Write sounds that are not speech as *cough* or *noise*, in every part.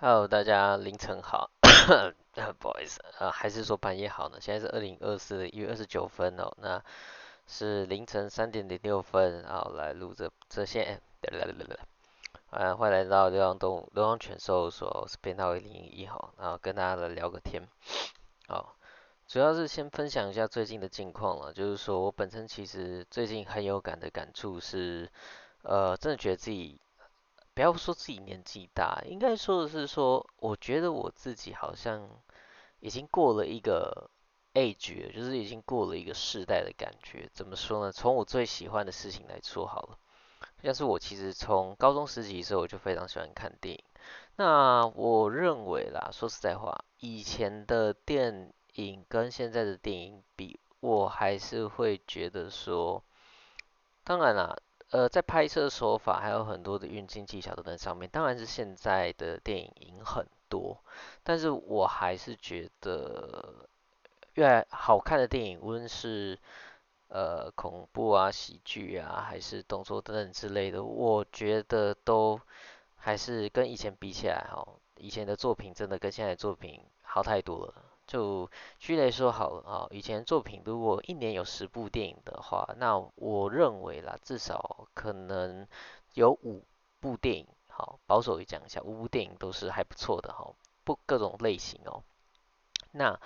Hello，大家凌晨好， *coughs* 不好意思，呃、啊，還是說半夜好呢？現在是二零二四一月二十九分哦，那是凌晨三點零六分，然後來錄這這些呃呃呃呃呃、啊，歡迎來到流浪動流浪犬收容所，我是編號為零零一號，然後跟大家來聊個天，好，主要是先分享一下最近的近況了，就是說我本身其實最近很有感的感觸是，呃，真的覺得自己。.不要不說自己年紀大，應該說的是說，我覺得我自己好像已經過了一個 age，就是已經過了一個世代的感覺。怎麼說呢？從我最喜歡的事情來說好了，像是我其實從高中時期的時候我就非常喜歡看電影。那我認為啦，說實在話，以前的電影跟現在的電影比，我還是會覺得說，當然啦。呃，在拍攝手法，還有很多的運鏡技巧都在上面。當然是現在的電影很多，但是我還是覺得，越來越好看的電影，無論是呃恐怖啊、喜劇啊，還是動作等等之類的，我覺得都還是跟以前比起來，哦，以前的作品真的跟現在的作品好太多了。就舉例說好了啊，以前作品如果一年有十部電影的話，那我認為啦，至少可能有五部電影，好保守一講一下，五部電影都是還不錯的哈，不各種類型哦。那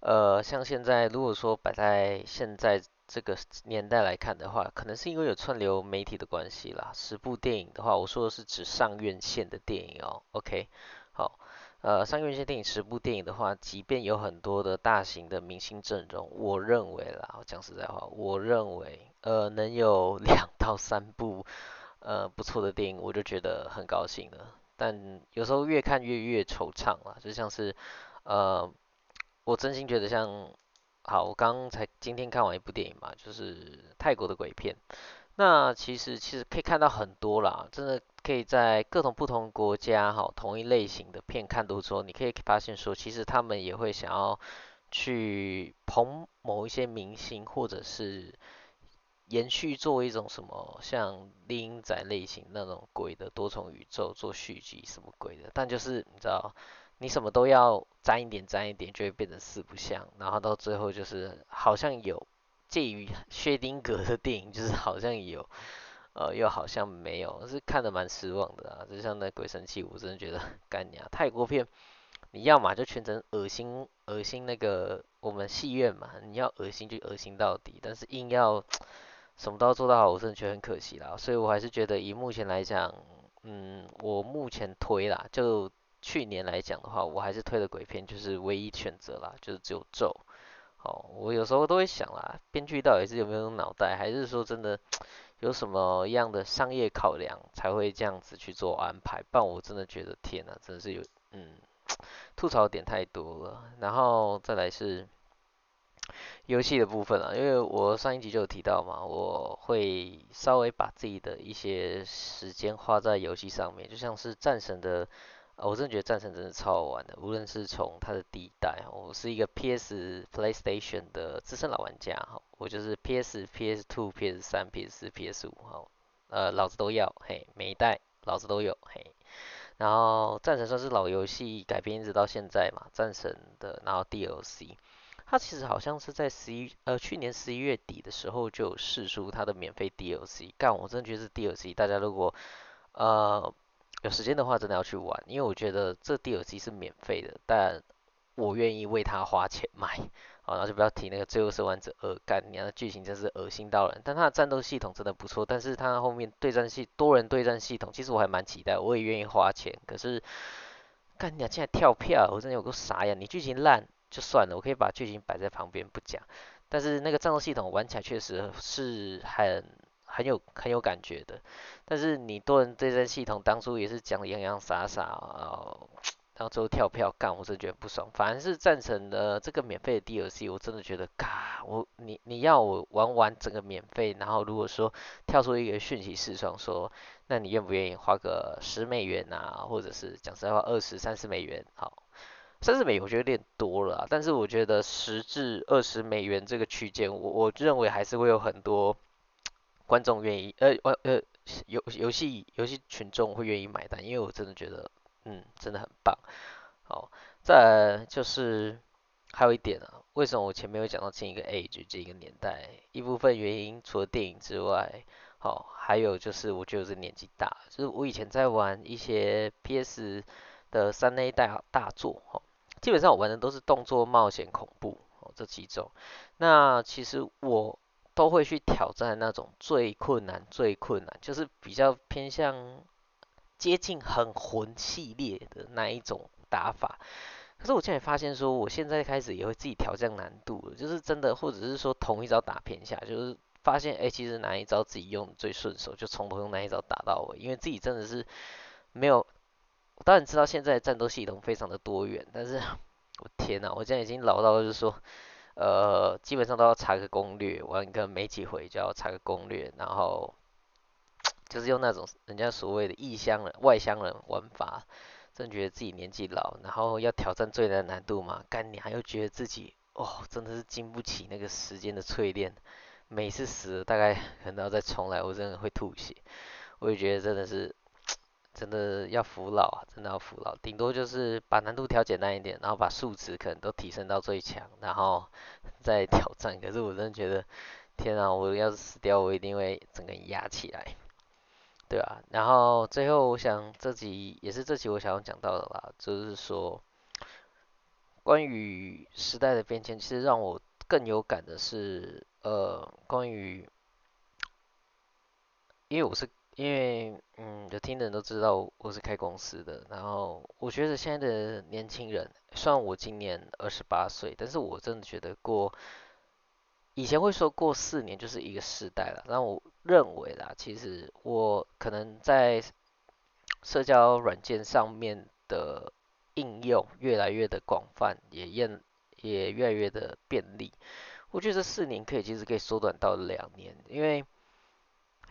呃，像現在如果說擺在現在這個年代來看的話，可能是因為有串流媒體的關係啦。十部電影的話，我說的是指上院線的電影哦。OK，好。呃，上個月一些電影十部電影的話，即便有很多的大型的明星陣容，我認為啦，我講實在話，我認為，呃，能有兩到三部，呃，不錯的電影，我就覺得很高興了。但有時候越看越越惆悵了，就像是，呃，我真心覺得像，好，我剛才今天看完一部電影嘛，就是泰國的鬼片，那其實其實可以看到很多啦，真的。可以在各種不同國家，哈，同一類型的片看多之後，你可以發現說，其實他們也會想要去捧某一些明星，或者是延續做一種什麼像《獵鷹仔》類型那種鬼的多重宇宙做續集什麼鬼的，但就是你知道，你什麼都要沾一點沾一點，就會變成四不像，然後到最後就是好像有介於薛丁格的電影，就是好像有。呃，又好像沒有，是看得蠻失望的啊！就像那《鬼神泣》，我真的覺得幹啊泰國片，你要嘛就全程噁心，噁心那個我們戲院嘛，你要噁心就噁心到底，但是硬要什麼都要做到好，我真的覺得很可惜啦。所以我還是覺得以目前來講，嗯，我目前推啦，就去年來講的話，我還是推的鬼片就是唯一選擇啦。就是只有咒。好，我有時候都會想啦，編劇到底是有沒有腦袋，還是說真的？有什麼樣的商業考量才會這樣子去做安排？但我真的覺得，天哪、啊，真的是有，嗯，吐槽點太多了。然後再來是遊戲的部分啊，因為我上一集就有提到嘛，我會稍微把自己的一些時間花在遊戲上面，就像是《戰神》的。我真的覺得《戰神》真的超好玩的，無論是從它的第一代，我是一個 PS PlayStation 的資深老玩家，我就是 PS PS2、PS3、PS4、PS5，PS 呃、嗯，老子都要，嘿，每一代老子都有，嘿。然後《戰神》算是老遊戲改編，一直到現在嘛，《戰神》的然後 DLC，它其實好像是在十一呃去年十一月底的時候就有釋出它的免費 DLC，但我真的覺得是 DLC，大家如果呃。有時間的話，真的要去玩，因為我覺得這第二季是免費的，但我願意為它花錢買。啊，然後就不要提那個《最後生還者》耳干，你看它劇情真是噁心到人。但它的戰鬥系統真的不錯，但是它後面對戰系多人對戰系統，其實我還蠻期待，我也願意花錢。可是，幹你、啊、竟然跳票，我真的有個傻樣。你劇情爛就算了，我可以把劇情擺在旁邊不講。但是那個戰鬥系統玩起來確實是很……很有很有感覺的，但是你多人對戰系統當初也是講的洋洋灑灑，哦，然後最後跳票幹，我真的覺得不爽。反正是贊成的這個免費的 DLC，我真的覺得，嘎，我你你要我玩完整個免費，然後如果說跳出一個訊息視窗說，那你願不願意花個十美元啊，或者是講實話二十三十美元？好，三十美元我覺得有點多了，但是我覺得十至二十美元這個區間，我我認為還是會有很多。觀眾願意，呃，玩，呃，遊遊戲遊戲群眾會願意買單，因為我真的覺得，嗯，真的很棒。好，再來就是還有一點啊，為什麼我前面沒有講到進一個 age 進一個年代，一部分原因除了電影之外，好，還有就是我覺得我是年紀大，就是我以前在玩一些 PS 的三 A 大大作，哦，基本上我玩的都是動作、冒險、恐怖，哦，這幾種。那其實我。都會去挑戰那種最困難、最困難，就是比較偏向接近很魂系列的那一種打法。可是我現在發現，說我現在開始也會自己調降難度，就是真的，或者是說同一招打天下，就是發現誒、欸，其實哪一招自己用最順手，就從頭用哪一招打到尾，因為自己真的是沒有。我當然知道現在戰鬥系統非常的多元，但是我天吶，我現在已經老到就是說。呃，基本上都要查個攻略，玩一個沒幾回就要查個攻略，然後就是用那種人家所謂的異鄉人、外鄉人玩法，真覺得自己年紀老，然後要挑戰最大難度嘛，幹你還要覺得自己哦，真的是經不起那個時間的淬煉，每次死大概可能都要再重來，我真的會吐血，我也覺得真的是。真的要服老啊！真的要服老，頂多就是把難度調簡單一點，然後把數值可能都提升到最強，然後再挑戰。可是我真的覺得，天啊！我要是死掉，我一定會整個壓起來，對啊，然後最後，我想這集也是這集我想要講到的啦，就是說，關於時代的變遷，其實讓我更有感的是，呃，關於，因為我是。因為嗯，有聽的人都知道我是開公司的，然後我覺得現在的年輕人，雖然我今年二十八歲，但是我真的覺得過，以前會說過四年就是一個時代了，那我認為啦，其實我可能在社交軟件上面的應用越來越的廣泛，也越也越來越的便利，我覺得四年可以其實可以縮短到兩年，因為。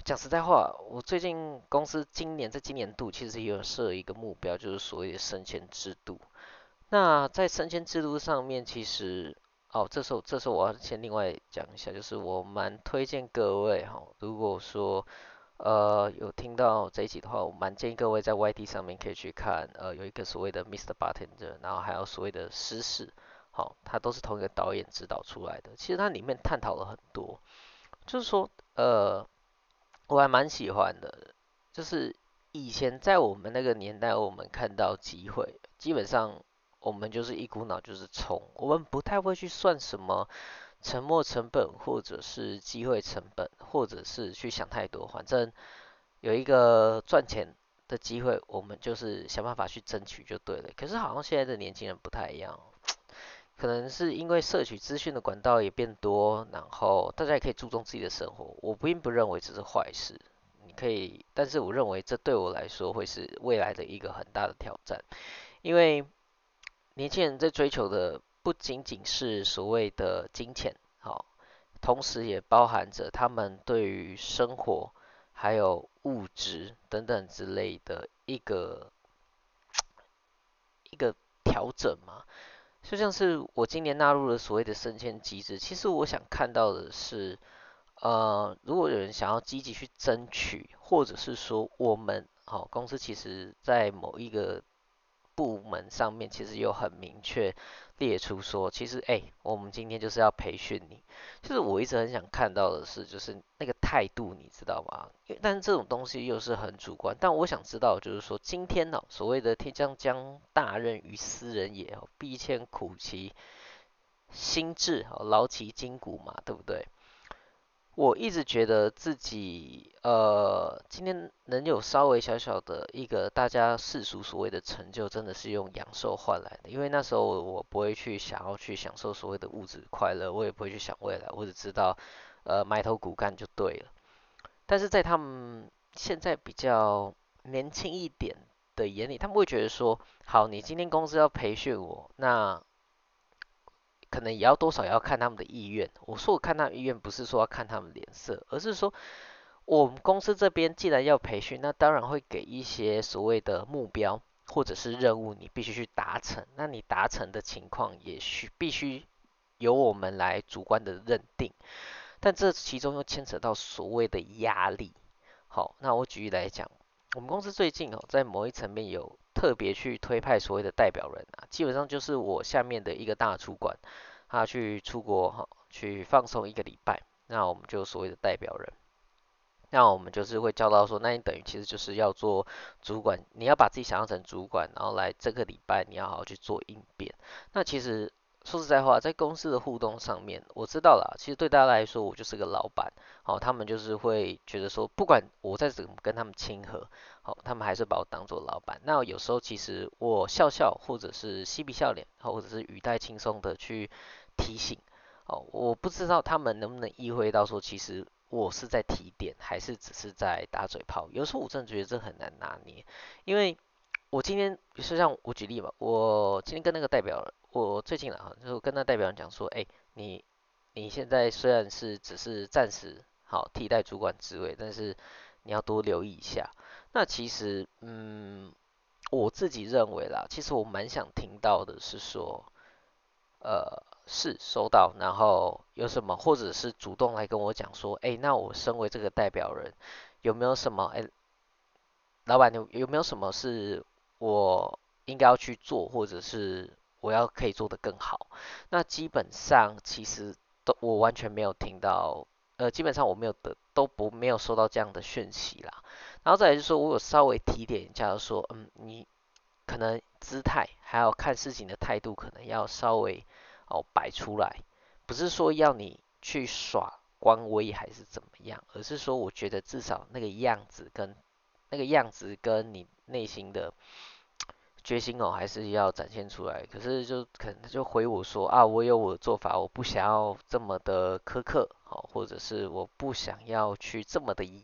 講實在話，我最近公司今年在今年度其實也有設有一個目標，就是所謂的升遷制度。那在升遷制度上面，其實哦，這時候這時候我要先另外講一下，就是我蠻推薦各位哈、哦，如果說呃有聽到這一集的話，我蠻建議各位在 YT 上面可以去看，呃，有一個所謂的 Mr. Bartender 然後還有所謂的士《詩、哦、事》，好，它都是同一個導演指導出來的。其實它裡面探討了很多，就是說呃。我還蠻喜歡的，就是以前在我們那個年代，我們看到機會，基本上我們就是一股腦就是衝，我們不太會去算什麼沉沒成本或者是機會成本，或者是去想太多，反正有一個賺錢的機會，我們就是想辦法去爭取就對了。可是好像現在的年輕人不太一樣。可能是因為攝取資訊的管道也變多，然後大家也可以注重自己的生活。我不並不認為這是壞事，你可以，但是我認為這對我來說會是未來的一個很大的挑戰，因為年輕人在追求的不僅僅是所謂的金錢，好、哦，同時也包含着他們對於生活還有物質等等之類的一個一個調整嘛。就像是我今年納入了所謂的升遷機制，其實我想看到的是，呃，如果有人想要積極去爭取，或者是說我們好、哦、公司其實在某一個。部門上面其實有很明確列出說，其實哎、欸，我們今天就是要培訓你，就是我一直很想看到的是，就是那個態度，你知道嗎？因為但是這種東西又是很主觀，但我想知道就是說，今天呢、喔，所謂的天將降大任於斯人也、喔，必先苦其心志、喔，勞其筋骨嘛，對不對？我一直覺得自己，呃，今天能有稍微小小的一個大家世俗所謂的成就，真的是用陽壽換來的。因為那時候我，我不會去想要去享受所謂的物質快樂，我也不會去想未來，我只知道，呃，埋頭苦幹就對了。但是在他們現在比較年輕一點的眼裡，他們會覺得說，好，你今天公司要培訓我，那。可能也要多少要看他們的意願。我說我看他們的意願，不是說要看他們臉色，而是說我們公司這邊既然要培訓，那當然會給一些所謂的目標或者是任務，你必須去達成。那你達成的情況，也需必須由我們來主觀的認定。但這其中又牽扯到所謂的壓力。好，那我舉例來講，我們公司最近哦，在某一層面有。特別去推派所謂的代表人啊，基本上就是我下面的一個大主管，他、啊、去出國、喔、去放鬆一個禮拜，那我們就所謂的代表人，那我們就是會教到說，那你等於其實就是要做主管，你要把自己想象成主管，然後來這個禮拜，你要好好去做應變，那其實。說實在話，在公司的互動上面，我知道啦，其實對大家來說，我就是個老板。好、哦，他們就是會覺得說，不管我再怎麼跟他們親和，好、哦，他們還是把我當做老板。那有時候其實我笑笑，或者是嬉皮笑臉，或者是語帶輕鬆的去提醒，哦，我不知道他們能不能意會到說，其實我是在提點，還是只是在打嘴炮。有時候我真的覺得這很難拿捏，因為。我今天實際上像我舉例吧，我今天跟那個代表人，我最近啊，就跟那個代表人講說，哎、欸，你你現在雖然是只是暫時好替代主管職位，但是你要多留意一下。那其實，嗯，我自己認為啦，其實我蠻想聽到的是說，呃，是收到，然後有什麼，或者是主動來跟我講說，哎、欸，那我身為這個代表人，有沒有什麼，哎、欸，老闆，你有有沒有什麼是？我應該要去做，或者是我要可以做得更好。那基本上其實都我完全沒有聽到，呃，基本上我沒有的都不沒有收到這樣的訊息啦。然後再來就是說我有稍微提點一下，叫做說嗯，你可能姿態還有看事情的態度，可能要稍微哦擺出來，不是說要你去耍官威還是怎麼樣，而是說我覺得至少那個樣子跟那個樣子跟你內心的。決心哦，還是要展現出來。可是就可能就回我說啊，我有我的做法，我不想要這麼的苛刻，好、哦，或者是我不想要去這麼的嚴，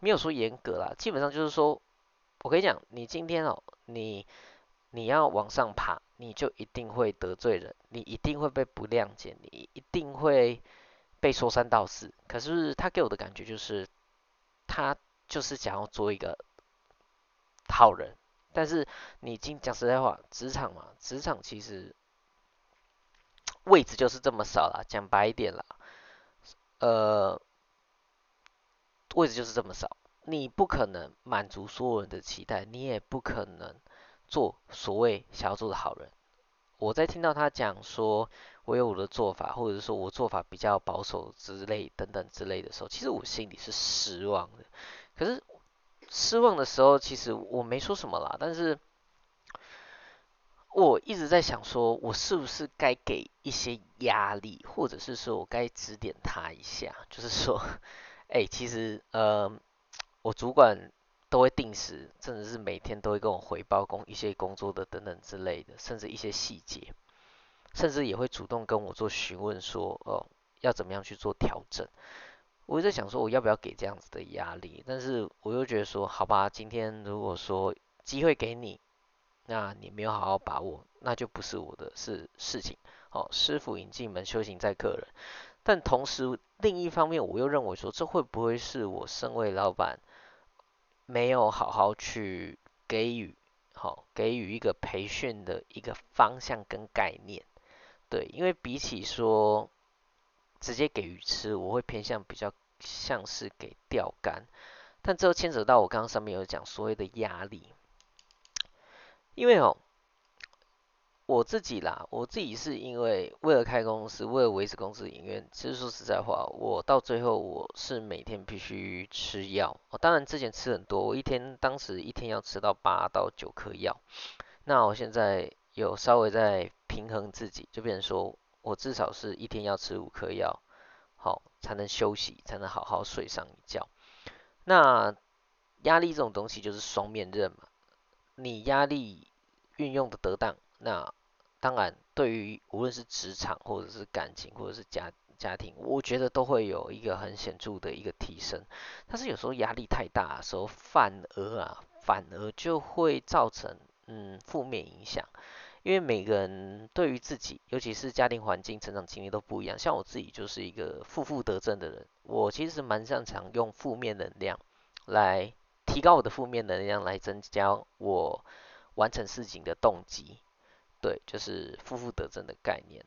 沒有說嚴格啦。基本上就是說，我跟你講，你今天哦，你你要往上爬，你就一定會得罪人，你一定會被不諒解，你一定會被說三道四。可是他給我的感覺就是，他就是想要做一個好人。但是你已經講實在話，職場嘛，職場其實位置就是這麼少啦。講白一點啦，呃，位置就是這麼少，你不可能滿足所有人的期待，你也不可能做所謂想要做的好人。我在聽到他講說我有我的做法，或者說我做法比較保守之類等等之類的時候，其實我心裡是失望的。可是。失望的時候，其實我沒說什麼啦，但是我一直在想，說我是不是該給一些壓力，或者是說我該指點他一下？就是說，哎、欸，其實，呃，我主管都會定時，甚至是每天都會跟我回報工一些工作的等等之類的，甚至一些細節，甚至也會主動跟我做詢問說，說哦，要怎麼樣去做調整。我就在想說，我要不要給這樣子的壓力？但是我又覺得說，好吧，今天如果說機會給你，那你沒有好好把握，那就不是我的是事情。哦，師父引進門，修行在個人。但同時另一方面，我又認為說，這會不會是我身為老闆沒有好好去給予，好、哦、給予一個培訓的一個方向跟概念？對，因為比起說。直接給魚吃，我會偏向比較像是給釣竿，但之後牽扯到我剛剛上面有講所謂的壓力，因為哦，我自己啦，我自己是因為為了開公司，為了維持公司營運，其實說實在話，我到最後我是每天必須吃藥，我、哦、當然之前吃很多，我一天當時一天要吃到八到九顆藥，那我現在有稍微在平衡自己，就變成說。我至少是一天要吃五顆藥，好、哦、才能休息，才能好好睡上一覺。那壓力這種東西就是雙面刃嘛，你壓力運用的得得當，那當然對於無論是職場或者是感情或者是家家庭，我覺得都會有一個很顯著的一個提升。但是有時候壓力太大的時候，反而啊反而就會造成嗯負面影響。因為每個人對於自己，尤其是家庭環境、成長經歷都不一樣。像我自己就是一個負負得正的人，我其實蠻擅長用負面能量來提高我的負面能量，來增加我完成事情的動機。對，就是負負得正的概念。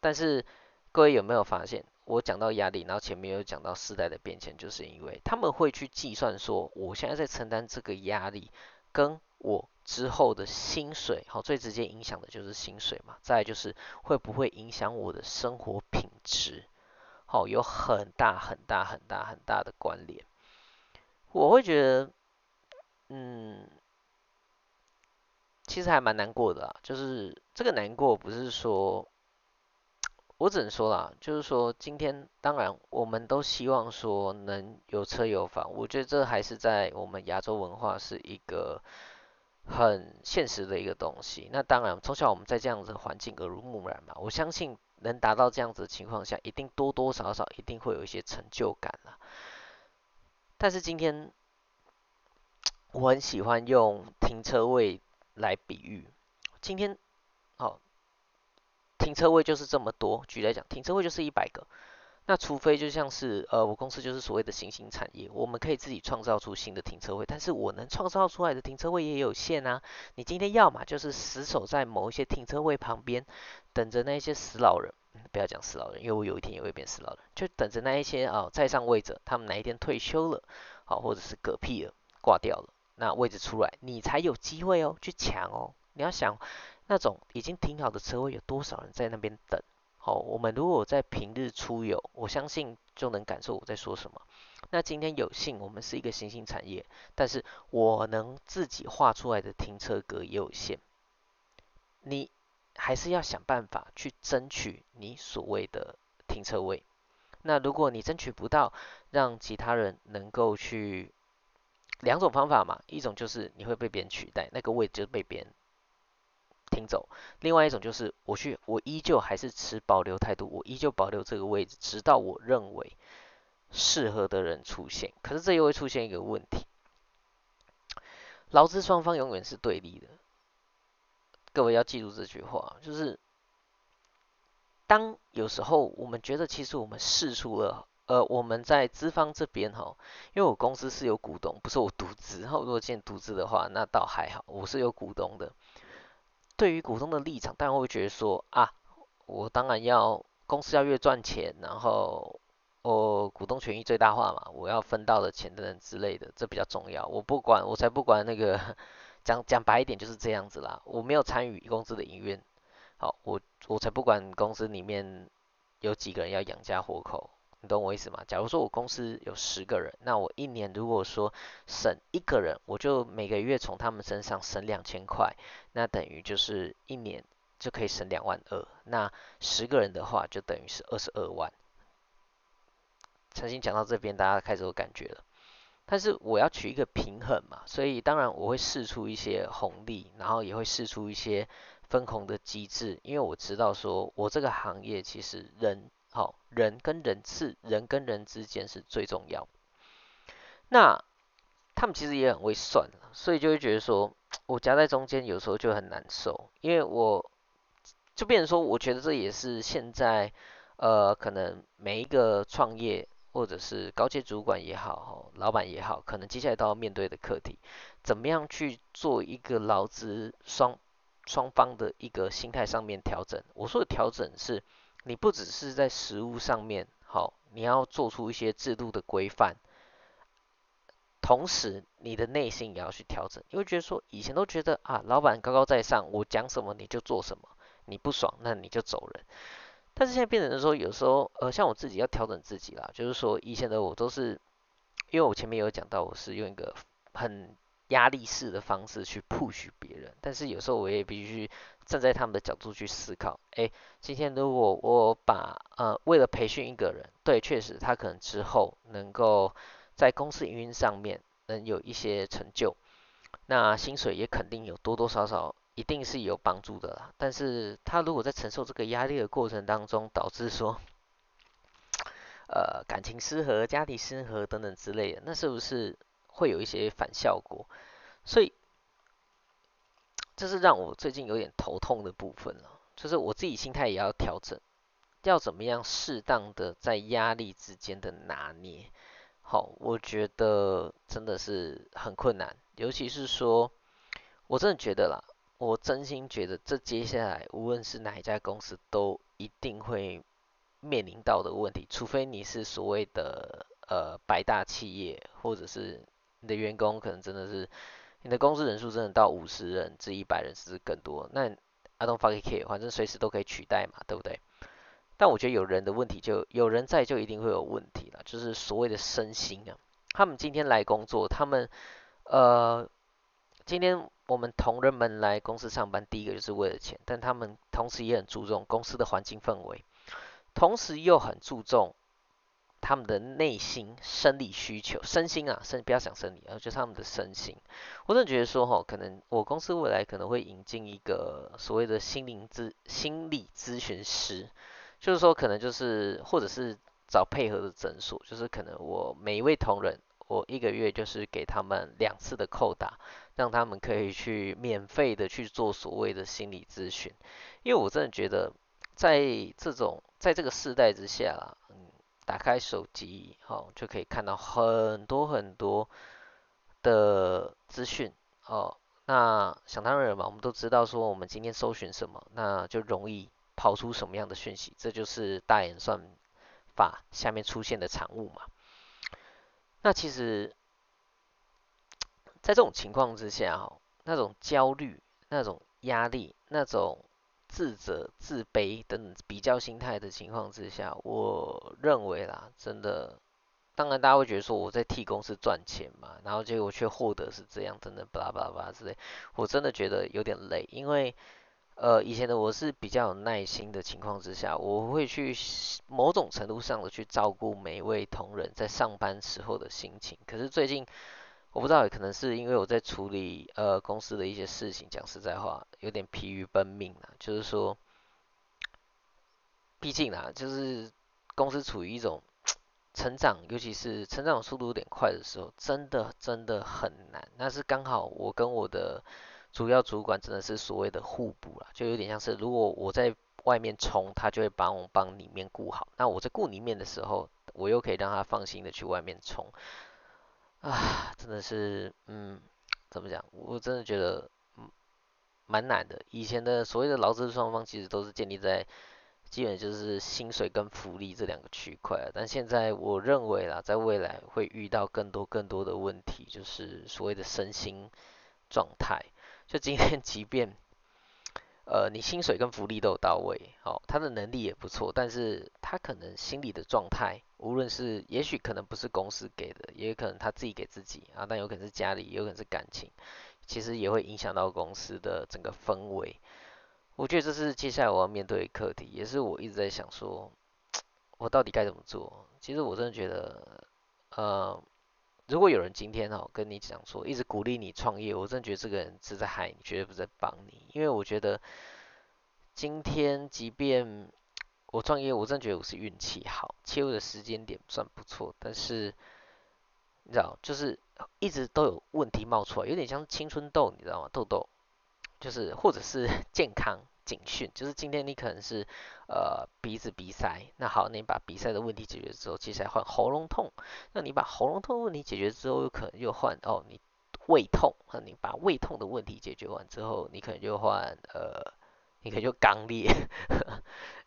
但是各位有沒有發現，我講到壓力，然後前面有講到時代的變遷，就是因為他們會去計算說，我現在在承擔這個壓力跟。我之後的薪水，好，最直接影響的就是薪水嘛。再來就是會不會影響我的生活品質，好，有很大很大很大很大的關聯。我會覺得，嗯，其實還蠻難過的啦。就是這個難過，不是說，我只能說啦，就是說，今天當然我們都希望說能有車有房，我覺得這還是在我們亞洲文化是一個。很現實的一個東西，那當然從小我們在這樣子的環境耳濡目染嘛，我相信能達到這樣子的情況下，一定多多少少一定會有一些成就感了。但是今天我很喜歡用停車位來比喻，今天好、哦、停車位就是這麼多，舉例來講停車位就是一百個。那除非就像是，呃，我公司就是所謂的新興產業，我們可以自己創造出新的停車位，但是我能創造出來的停車位也有限啊。你今天要嘛，就是死守在某一些停車位旁邊，等着那一些死老人，嗯、不要講死老人，因為我有一天也會變死老人，就等着那一些呃、哦、在上位者，他們哪一天退休了，好、哦、或者是嗝屁了，掛掉了，那位置出來，你才有機會哦，去搶哦。你要想，那種已經停好的車位，有多少人在那邊等？好、哦，我們如果在平日出遊，我相信就能感受我在說什麼。那今天有幸，我們是一個新興產業，但是我能自己畫出來的停車格也有限。你還是要想辦法去爭取你所謂的停車位。那如果你爭取不到，讓其他人能夠去，兩種方法嘛，一種就是你會被別人取代，那個位置就被別人，聽走。另外一種就是，我去，我依舊還是持保留態度，我依舊保留這個位置，直到我認為適合的人出現。可是這又會出現一個問題，勞資雙方永遠是對立的。各位要記住這句話，就是當有時候我們覺得，其實我們試出了，呃，我們在資方這邊哈，因為我公司是有股東，不是我獨資。然後如果見獨資的話，那倒還好，我是有股東的。對於股東的立場，當然會覺得說啊，我當然要公司要越賺錢，然後哦股東權益最大化嘛，我要分到的錢等等之類的，這比較重要。我不管，我才不管那個，講講白一點就是這樣子啦。我沒有參與公司的營運，好，我我才不管公司裡面有幾個人要養家活口。你懂我意思嗎？假如說我公司有十個人，那我一年如果說省一個人，我就每個月從他們身上省兩千塊，那等於就是一年就可以省兩萬二。那十個人的話，就等於是二十二萬。曾經講到這邊，大家開始有感覺了。但是我要取一個平衡嘛，所以當然我會釋出一些紅利，然後也會釋出一些分紅的機制，因為我知道說我這個行業其實人。好，人跟人是人跟人之間是最重要。那他們其實也很會算，所以就會覺得說，我夾在中間有時候就很難受，因為我就變成說，我覺得這也是現在呃，可能每一個創業或者是高階主管也好，老板也好，可能接下來都要面對的課題，怎麼樣去做一個勞資雙雙方的一個心態上面調整，我說的調整是。你不只是在食物上面好，你要做出一些制度的規範，同時你的內心也要去調整。因為覺得說以前都覺得啊，老板高高在上，我講什麼你就做什麼，你不爽那你就走人。但是現在變成說，有時候呃，像我自己要調整自己啦，就是說以前的我都是，因為我前面有講到，我是用一個很。壓力式的方式去 push 別人，但是有時候我也必須站在他們的角度去思考。誒、欸，今天如果我把呃為了培訓一個人，對，確實他可能之後能夠在公司營運上面能有一些成就，那薪水也肯定有多多少少一定是有幫助的啦。但是他如果在承受這個壓力的過程當中，導致說呃感情失和、家庭失和等等之類的，那是不是？會有一些反效果，所以這是讓我最近有點頭痛的部分了。就是我自己心態也要調整，要怎麼樣適當的在壓力之間的拿捏。好，我覺得真的是很困難，尤其是說，我真的覺得啦，我真心覺得這接下來無論是哪一家公司都一定會面臨到的問題，除非你是所謂的呃百大企業或者是。你的員工可能真的是，你的公司人數真的到五十人至一百人甚至更多，那 I don't fucking care，反正隨時都可以取代嘛，對不對？但我覺得有人的問題就有人在就一定會有問題了，就是所謂的身心啊。他們今天來工作，他們呃，今天我們同仁們來公司上班，第一個就是為了錢，但他們同時也很注重公司的環境氛圍，同時又很注重。他們的內心生理需求，身心啊，身不要想生理，啊，就是他們的身心。我真的覺得說，哈，可能我公司未來可能會引進一個所謂的心靈諮心理諮詢師，就是說可能就是或者是找配合的診所，就是可能我每一位同仁，我一個月就是給他們兩次的扣打，讓他們可以去免費的去做所謂的心理諮詢，因為我真的覺得在這種在這個世代之下，啦。嗯打開手機，哦，就可以看到很多很多的資訊，哦，那想當然嘛，我們都知道說我們今天搜尋什麼，那就容易拋出什麼樣的訊息，這就是大演算法下面出現的產物嘛。那其實，在這種情況之下，哦，那種焦慮、那種壓力、那種……自責、自卑、等等比較心態的情況之下，我認為啦，真的，當然大家會覺得說我在替公司賺錢嘛，然後結果卻獲得是這樣，真的巴拉巴拉巴拉之類，我真的覺得有點累，因為呃以前的我是比較有耐心的情況之下，我會去某種程度上的去照顧每一位同仁在上班時候的心情，可是最近。我不知道，可能是因為我在處理呃公司的一些事情，講實在話，有點疲於奔命了啊。就是說，畢竟啊，就是公司處於一種成長，尤其是成長速度有點快的時候，真的真的很難。但是剛好我跟我的主要主管真的是所謂的互補了，就有點像是如果我在外面衝，他就會幫我幫裡面顧好；那我在顧裡面的時候，我又可以讓他放心的去外面衝。啊，真的是，嗯，怎麼講？我真的覺得，嗯，蠻難的。以前的所謂的勞資雙方，其實都是建立在，基本就是薪水跟福利這兩個區塊。但現在我認為啦，在未來會遇到更多更多的問題，就是所謂的身心狀態。就今天，即便，呃，你薪水跟福利都有到位，哦，他的能力也不錯，但是他可能心理的狀態。無論是也許可能不是公司給的，也可能他自己給自己啊，但有可能是家裡，也有可能是感情，其實也會影響到公司的整個氛圍。我覺得這是接下來我要面對的課題，也是我一直在想說，我到底該怎麼做。其實我真的覺得，呃，如果有人今天哈、哦、跟你講說，一直鼓勵你創業，我真的覺得這個人是在害你，絕對不在幫你。因為我覺得，今天即便我創業，我真的覺得我是運氣好，切入的時間點算不錯，但是你知道，就是一直都有問題冒出來，有點像青春痘，你知道嗎？痘痘就是或者是健康警訊，就是今天你可能是呃鼻子鼻塞，那好，那你把鼻塞的問題解決之後，接下來換喉嚨痛，那你把喉嚨痛的問題解決之後，有可能又換哦你胃痛，那你把胃痛的問題解決完之後，你可能就換呃。你可以就肛裂，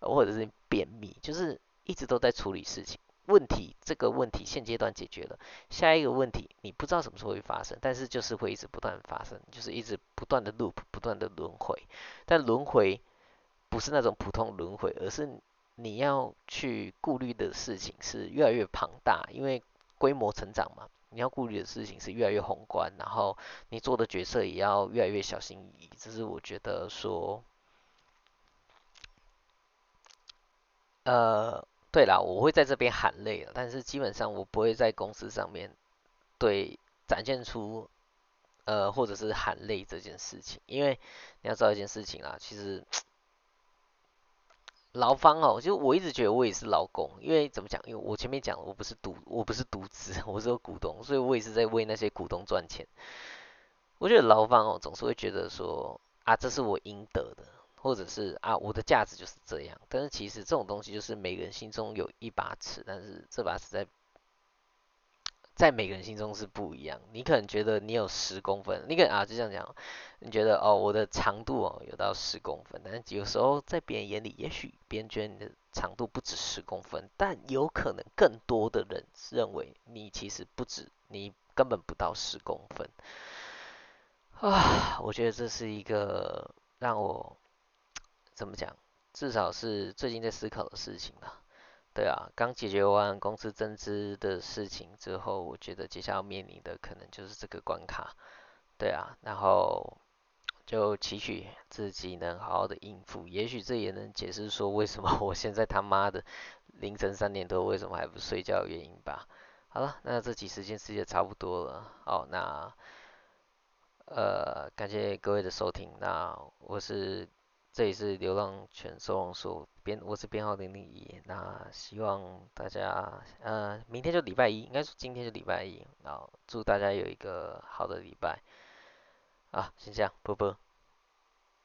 或者是便祕，就是一直都在處理事情問題。這個問題現階段解決了，下一個問題你不知道什麼時候會發生，但是就是會一直不斷發生，就是一直不斷的 loop，不斷的輪迴。但輪迴不是那種普通輪迴，而是你要去顧慮的事情是越來越龐大，因為規模成長嘛，你要顧慮的事情是越來越宏觀，然後你做的決策也要越來越小心翼翼。這是我覺得說。呃，對啦，我會在這邊喊累了，但是基本上我不會在公司上面對展現出呃或者是喊累這件事情，因為你要知道一件事情啊，其實勞方哦、喔，就我一直覺得我也是勞工，因為怎麼講，因為我前面講我不是獨我不是獨資，我是股東，所以我也是在為那些股東賺錢。我覺得勞方哦、喔，總是會覺得說啊，這是我應得的。或者是啊，我的價值就是這樣。但是其實這種東西就是每個人心中有一把尺，但是這把尺在在每個人心中是不一樣。你可能覺得你有十公分，你可能啊就這樣講，你覺得哦我的長度哦有到十公分。但是有時候在別人眼裡，也許別人覺得你的長度不止十公分，但有可能更多的人認為你其實不止，你根本不到十公分。啊，我覺得這是一個讓我。怎麼講？至少是最近在思考的事情吧。對啊，剛解決完公司增資的事情之後，我覺得接下來要面臨的可能就是這個關卡。對啊，然後就期許自己能好好的應付。也許這也能解釋說，為什麼我現在他媽的凌晨三點多為什麼還不睡覺的原因吧。好了，那這集時間事也差不多了。好，那呃，感謝各位的收聽。那我是。這裡是流浪犬收容所編，我是編號零零一。那希望大家，呃，明天就禮拜一，應該是今天就禮拜一。然後祝大家有一個好的禮拜，啊，先這樣，拜拜。